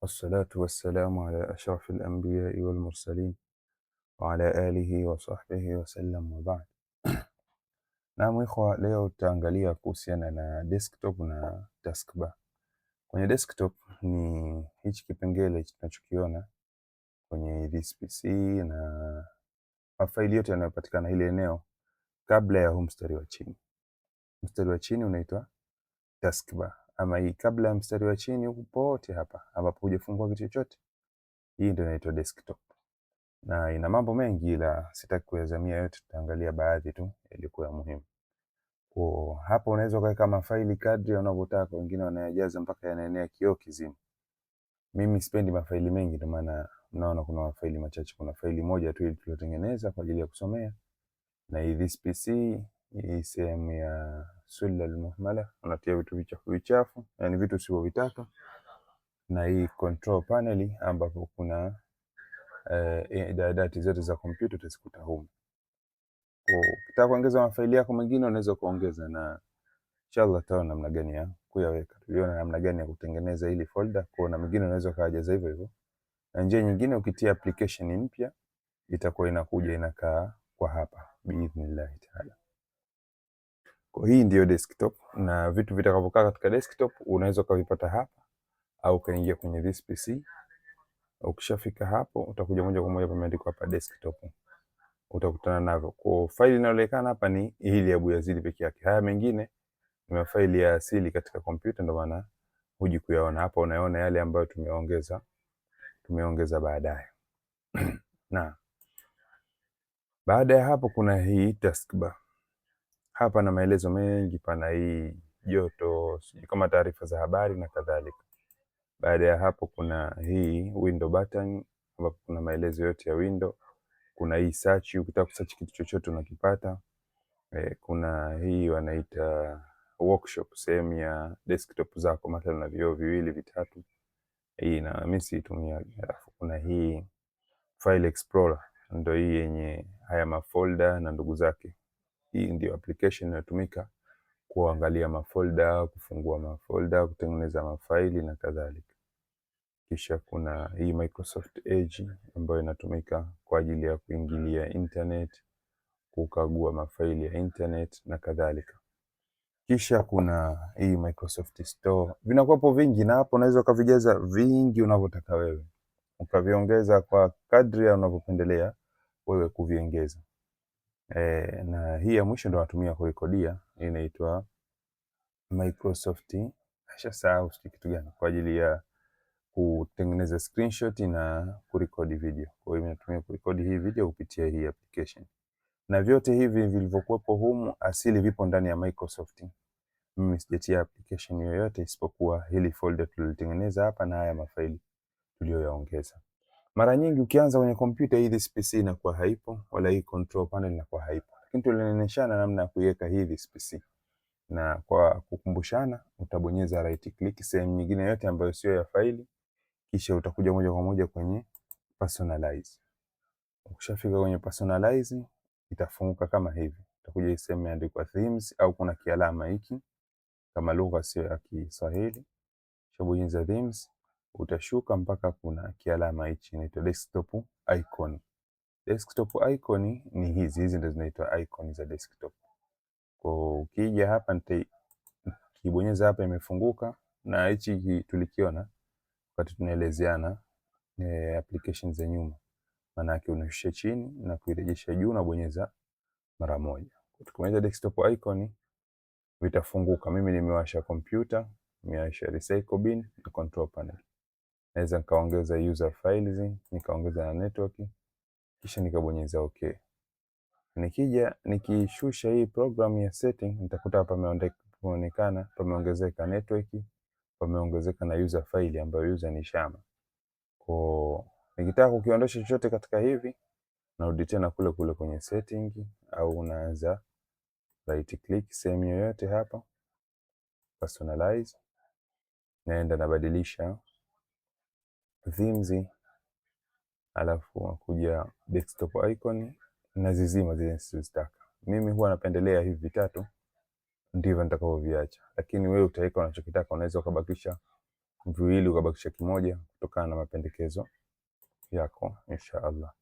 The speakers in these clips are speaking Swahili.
wassalatu wassalamu ala ashrafil anbiyai wal mursalin wa ala alihi wa sahbihi wasallam wa leo tutaangalia kuhusiana na desktop na taskbar. Kwenye desktop ni hichi kipengele tunachokiona kwenye this PC na mafaili yote yanayopatikana ile eneo kabla ya huu mstari wa chini. Mstari wa chini unaitwa taskbar ama hii kabla ya mstari wa chini huku pote hapa ambapo hujafungua kitu chochote, hii ndio inaitwa desktop na ina mambo mengi, ila sitaki kuyazamia yote, tutaangalia baadhi tu yalikuwa muhimu. Kwa hapa unaweza kuweka mafaili kadri unavyotaka, wengine wanayajaza mpaka yanaenea kioo kizima. Mimi sipendi mafaili mengi, ndio maana mnaona kuna mafaili machache. Kuna faili moja tu ile tuliotengeneza kwa ajili ya kusomea na hii this PC hii sehemu ya sula almuhmala, unatia vitu vichafu vichafu, yani vitu usivyovitaka, na hii control panel ambapo kuna eh, idadati zote za kompyuta utazikuta humu. Ukitaka kuongeza mafaili yako mengine unaweza kuongeza, na inshallah taona namna gani ya kuyaweka. Tuliona namna gani ya kutengeneza hili folder, kwa na mengine unaweza kajaza hivyo hivyo. Na njia nyingine ukitia application mpya itakuwa inakuja inakaa kwa hapa biidhnillahi taala. Kwa hii ndio desktop na vitu vitakavyokaa katika desktop unaweza ukavipata hapa au ukaingia kwenye this PC. Ukishafika hapo utakuja moja kwa moja pameandikwa hapa desktop. Utakutana navyo. Kwa faili inayoonekana hapa ni hili ya Buyazidi peke yake. Haya mengine ni mafaili ya asili katika kompyuta ndio maana huji kuyaona hapa, unaona yale ambayo tumeongeza tumeongeza baadaye. Na baada ya hapo kuna hii taskbar hapa na maelezo mengi, pana hii joto, sijui kama taarifa za habari na kadhalika. Baada ya hapo, kuna hii window button ambapo kuna maelezo yote ya window. Kuna hii search, ukitaka kusearch kitu chochote unakipata. E, kuna hii wanaita workshop, sehemu ya desktop zako, mathalan na vioo viwili vitatu, hii na mimi siitumia. Alafu kuna hii file explorer, ndio hii yenye haya mafolder na ndugu zake. Hii ndio application inayotumika kuangalia mafolda, kufungua mafolda, kutengeneza mafaili na kadhalika. Kisha kuna hii Microsoft Edge ambayo inatumika kwa ajili ya kuingilia internet, kukagua mafaili ya internet na kadhalika. Kisha kuna hii Microsoft Store. Vinakuwapo vingi na hapo unaweza ukavijaza vingi unavyotaka wewe, ukaviongeza kwa kadri unavyopendelea wewe kuviongeza e, na hii ya mwisho ndo natumia kurekodia inaitwa Microsoft ashasahau sijui kitu gani kwa ajili ya kutengeneza screenshot na kurekodi video. Kwa hiyo natumia kurekodi hii video kupitia hii application, na vyote hivi vilivyokuwepo humu asili vipo ndani ya Microsoft. Mimi sijatia application yoyote isipokuwa hili folder tulilitengeneza hapa na haya mafaili tuliyoyaongeza. Mara nyingi ukianza kwenye kompyuta hii this inakuwa haipo, wala hii control panel inakuwa haipo, lakini tulionyeshana namna ya kuiweka hii this PC, na kwa kukumbushana, utabonyeza right click sehemu nyingine yote ambayo sio ya faili, kisha utakuja moja kwa moja kwenye personalize. Ukishafika kwenye personalize, itafunguka kama hivi, utakuja sehemu imeandikwa themes au kuna kialama hiki kama lugha sio ya Kiswahili, utabonyeza themes utashuka mpaka kuna kialama hichi inaitwa desktop icon. Desktop icon ni hizi hizi ndio zinaitwa icon za desktop. Kwa ukija hapa kibonyeza hapa, imefunguka na hichi tulikiona wakati tunaelezeana e, application za nyuma, maana yake unashusha chini na kuirejesha juu na bonyeza mara moja. Tukibonyeza desktop icon vitafunguka. Mimi nimewasha computer, nimewasha recycle bin na control panel naweza nikaongeza user files, nikaongeza na network, kisha nikabonyeza okay. Nikija nikishusha hii program ya setting nitakuta hapa pameonekana pameongezeka network, pameongezeka na user file ambayo user ni shama. Kwa nikitaka kukiondosha chochote katika hivi, narudi tena kule kule kwenye setting, au unaanza right click sehemu yoyote hapa, personalize, naenda nabadilisha themes, alafu nakuja desktop icon na zizima zile sizitaka. Mimi huwa napendelea hivi vitatu, ndivyo nitakavyoviacha, lakini wewe utaweka unachokitaka. Unaweza ukabakisha viwili ukabakisha kimoja, kutokana na mapendekezo yako inshaallah.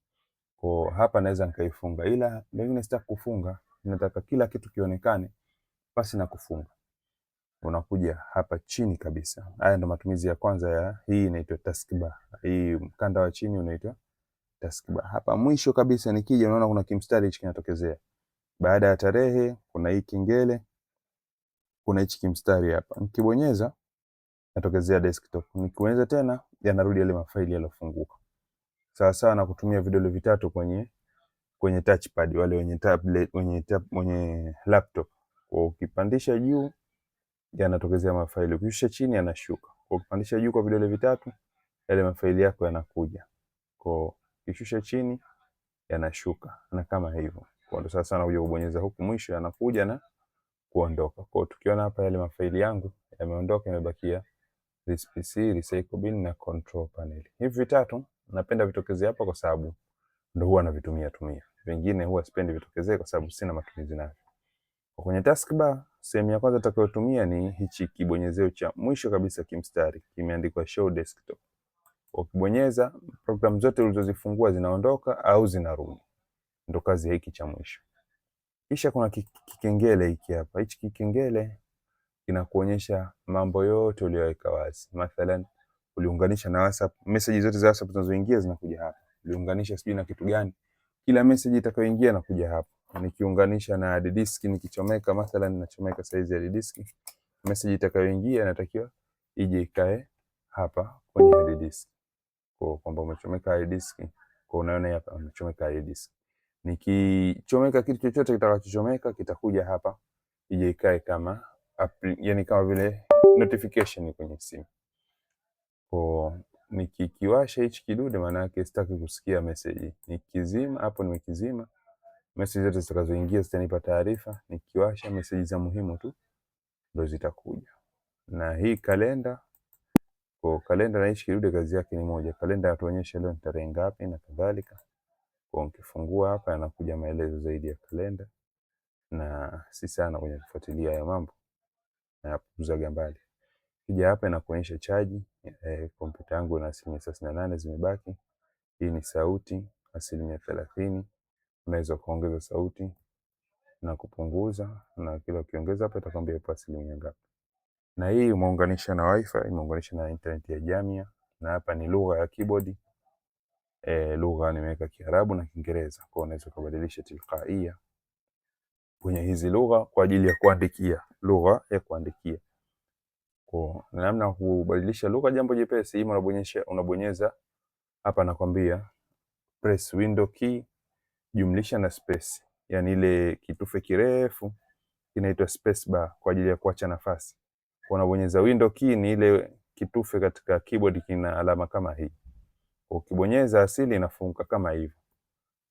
Kwa hapa naweza nikaifunga, ila mimi sitaki kufunga, nataka kila kitu kionekane basi na kufunga unakuja hapa chini kabisa. Haya ndo matumizi ya kwanza ya hii, inaitwa taskbar. Hii mkanda wa chini unaitwa taskbar. Hapa mwisho kabisa nikija, unaona kuna kimstari hichi kinatokezea. Baada ya tarehe kuna hii kengele, kuna hichi kimstari hapa. Nikibonyeza natokezea desktop, nikibonyeza tena yanarudi yale mafaili yaliyofunguka, Sawa sawa na kutumia vidole vitatu kwenye kwenye touchpad, wale wenye tablet, wenye tab, wenye laptop, kwa ukipandisha juu yanatokezea mafaili. Ukishusha chini yanashuka. Kwa kupandisha juu kwa vidole vitatu yale mafaili yako yanakuja. Kwa ukishusha chini yanashuka na kama hivyo. Kwa ndo sasa nakuja kubonyeza huku mwisho yanakuja na kuondoka. Kwa tukiona hapa yale mafaili yangu yameondoka, yamebakia this PC, recycle bin na control panel. Hivi vitatu napenda vitokeze hapa kwa sababu ndo huwa navitumia tumia. Vingine huwa sipendi vitokezee kwa sababu sina matumizi nayo. Kwenye taskbar Sehemu ya kwanza utakayotumia ni hichi kibonyezeo cha mwisho kabisa kimstari, kimeandikwa show desktop. Ukibonyeza programu zote ulizozifungua zinaondoka au zinarudi, ndo kazi ya hiki cha mwisho. Kisha kuna kikengele hiki hapa, hichi kikengele kinakuonyesha mambo yote uliyoweka wazi. Mathalan, uliunganisha na WhatsApp, message zote za WhatsApp zinazoingia zinakuja hapa. Uliunganisha sijui na kitu gani, kila message itakayoingia inakuja hapa nikiunganisha na hard disk nikichomeka, mathalan nachomeka saizi ya hard disk, message itakayoingia inatakiwa ije ikae hapa kwenye hard disk, kwa kwamba umechomeka hard disk. Kwa unaona hapa umechomeka hard disk, nikichomeka kitu chochote kitakachochomeka kitakuja hapa ije ikae kama yani kama vile notification kwenye simu. Kwa nikikiwasha hichi kidude, maana yake sitaki kusikia message. Nikizima hapo, nimekizima meseji zote zitakazoingia zitanipa taarifa, nikiwasha meseji za muhimu tu ndo zitakuja. Na hii kalenda kwa kalenda na hichi kidude kazi yake ni moja, kalenda yatuonyesha leo ni tarehe ngapi na kadhalika. Kwa ukifungua hapa, yanakuja maelezo zaidi ya kalenda, na si sana kwenye kufuatilia ya mambo na yapuzaga mbali. Kija hapa inakuonyesha chaji eh, kompyuta yangu na asilimia thelathini na nane zimebaki. Hii ni sauti asilimia thelathini unaweza kuongeza sauti na kupunguza, na kila ukiongeza hapa itakwambia ipo asilimia ngapi. Na hii umeunganisha na wifi, imeunganisha na internet ya Jamia, na hapa ni lugha ya keyboard e, lugha nimeweka Kiarabu na Kiingereza, kwa unaweza kubadilisha tilkaia kwenye hizi lugha kwa ajili ya kuandikia, lugha ya kuandikia kwa namna kubadilisha lugha, jambo jepesi. Hii unabonyesha, Unabonyeza hapa, nakwambia press window key jumlisha na space, yani ile kitufe kirefu kinaitwa space bar kwa ajili ya kuacha nafasi. Kwa Unabonyeza window key, ni ile kitufe katika keyboard kina alama kama hii. Ukibonyeza asili inafunguka kama hivyo.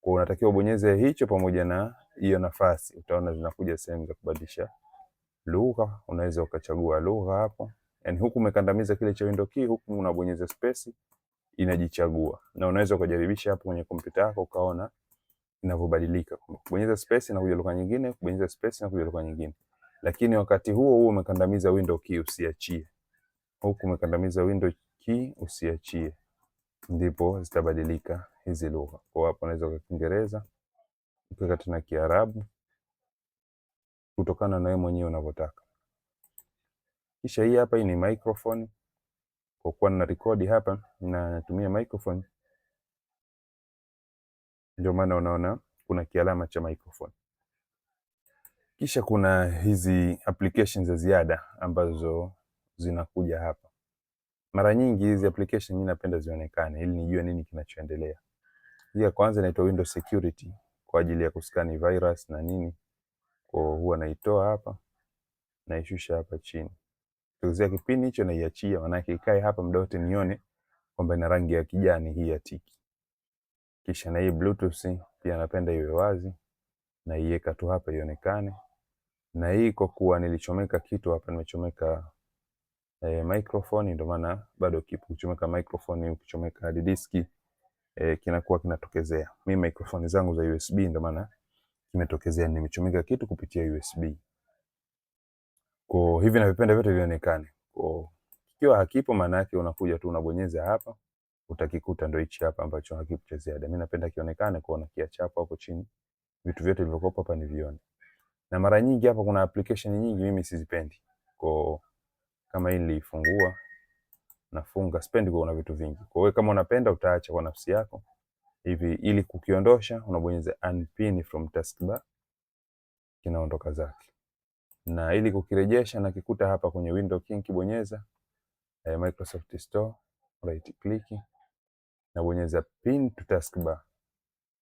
Kwa unatakiwa ubonyeze hicho pamoja na hiyo nafasi, utaona zinakuja sehemu za kubadilisha lugha. Unaweza ukachagua lugha hapo, yani huku umekandamiza kile cha window key, huku unabonyeza space inajichagua, na unaweza ukajaribisha hapo kwenye kompyuta yako ukaona inavyobadilika, kwamba kubonyeza space na kuja lugha nyingine, kubonyeza space na kuja lugha nyingine. Lakini wakati huo huo umekandamiza window key, usiachie huku, umekandamiza window key, usiachie, ndipo zitabadilika hizi lugha. Kwa hapo unaweza kwa Kiingereza ukaweka tena Kiarabu kutokana na wewe mwenyewe unavyotaka. Kisha hii hapa, hii ni microphone. Kwa kuwa nina rekodi hapa, ninatumia microphone ndio maana unaona kuna kialama cha microphone. Kisha kuna hizi applications za ziada ambazo zinakuja hapa. Mara nyingi hizi application mimi napenda zionekane ili nijue nini kinachoendelea. Hii ya kwanza inaitwa Windows Security kwa ajili ya kuskani virus na nini. Kwa huwa naitoa hapa naishusha hapa chini. Kuzia kipindi hicho naiachia maana yake ikae hapa muda wote nione kwamba ina rangi ya kijani hii ya tiki. Kisha na hii bluetooth pia napenda iwe wazi, na iweka tu hapa ionekane. Na hii kwa kuwa nilichomeka kitu hapa, nimechomeka e, microphone ndio maana bado kipo. Kuchomeka microphone, ukichomeka hard disk e, kinakuwa kinatokezea. Mimi microphone zangu za USB ndio maana kimetokezea, nimechomeka kitu kupitia USB. Kwa hivi navipenda vyote vionekane. Kwa hiyo kikiwa hakipo, maana yake unakuja tu unabonyeza hapa utakikuta ndo hichi hapa ambacho hakipo cha ziada. Mimi napenda kionekane kuona na kiachapa hapo chini. Vitu vyote vilivyokuwa hapa ni vione. Na mara nyingi hapa kuna application nyingi mimi sizipendi. Kwa kama hii nilifungua nafunga spendi kwa una vitu vingi. Kwa hiyo kama unapenda utaacha kwa nafsi yako. Hivi ili kukiondosha unabonyeza unpin from taskbar kinaondoka zake. Na ili kukirejesha na kikuta hapa kwenye window king kibonyeza eh, Microsoft Store right click nabonyeza pin to taskbar,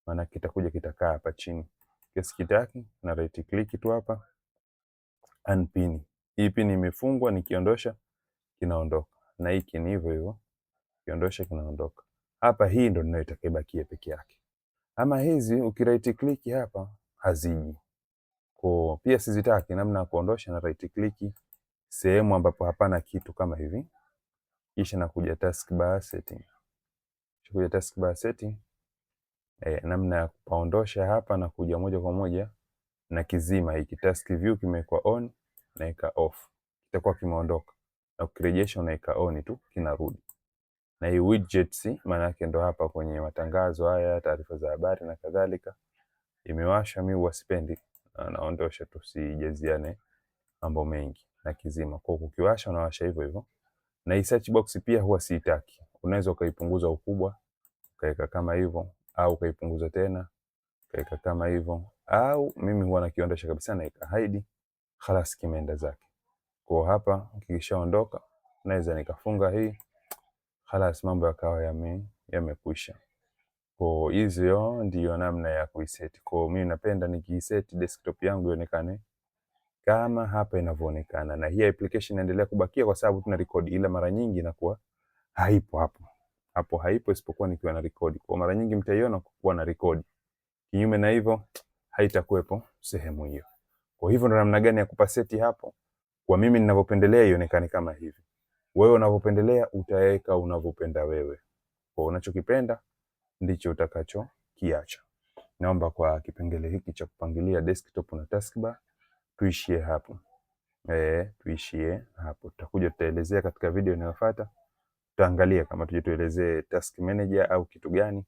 maana kitakuja kitakaa hapa chini. Kesi kitaki na right click tu hapa unpin. Hii pin imefungwa, nikiondosha kinaondoka, na hiki ni hivyo hivyo, kiondosha kinaondoka. Hapa hii ndo ninayoitaka ibakie peke yake, ama hizi uki right click hapa haziji kwa, pia sizitaki. Namna ya kuondosha na right click sehemu ambapo hapana kitu kama hivi, kisha nakuja taskbar setting Ukija taskbar setting e, namna ya kupaondosha hapa na kuja moja kwa moja na kizima hiki task view kimewekwa on na ika off, kitakuwa kimeondoka na ukirejesha unaika on tu kinarudi. Na hii widgets maana yake ndo hapa kwenye matangazo haya, taarifa za habari na kadhalika. Imewasha mimi wasipendi, naondosha tu, sijaziane mambo mengi na kizima. Kwa kukiwasha unawasha hivyo hivyo. Na hii search box pia huwa siitaki. Unaweza ukaipunguza ukubwa ukaweka kama hivyo, au ukaipunguza tena ukaweka kama hivyo, au mimi huwa nakiondosha kabisa naika hide, khalas kimeenda zake. Kwa hapa kikishaondoka, naweza nikafunga hii, khalas mambo yakawa yame yamekwisha. Kwa hizo ndio namna ya kuiseti. Kwa mimi napenda nikiiset desktop yangu ionekane kama hapa inavyoonekana, na hii application inaendelea kubakia kwa sababu tuna record, ila mara nyingi inakuwa haipo hapo hapo, haipo isipokuwa nikiwa na rekodi. Kwa mara nyingi mtaiona kuwa na rekodi, kinyume na hivyo haitakuwepo sehemu hiyo. Kwa hivyo ndo namna gani ya kupa seti hapo. Kwa mimi ninavyopendelea ionekane kama hivi, wewe unavyopendelea utaweka unavyopenda wewe, kwa unachokipenda ndicho utakacho kiacha. Naomba kwa kipengele hiki cha kupangilia desktop na taskbar tuishie hapo. E, tuishie hapo. Tutakuja tutaelezea katika video inayofuata tutaangalia kama tuje tuelezee task manager au kitu gani.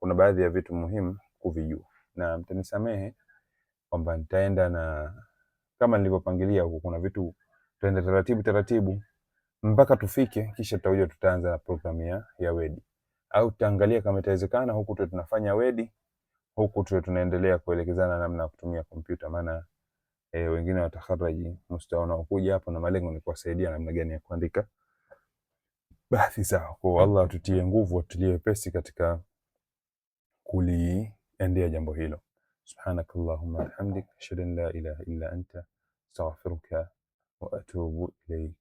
Kuna baadhi ya vitu muhimu kuvijua, na mtanisamehe kwamba nitaenda na kama nilivyopangilia huko, kuna vitu tutaenda taratibu taratibu mpaka tufike, kisha tutakuja tutaanza na program ya, ya wedi au tutaangalia kama itawezekana, huku tuwe tunafanya wedi huku tuwe tunaendelea kuelekezana namna ya kutumia kompyuta, maana e, wengine watakaraji mustaona kuja hapo, na malengo ni kuwasaidia namna gani ya kuandika basi sawa, Kwa Allah atutie nguvu, atulie wepesi katika kuliendea jambo hilo. Subhanakallahumma bihamdik ashhadu an la ilaha illa anta astaghfiruka wa atubu ilaik.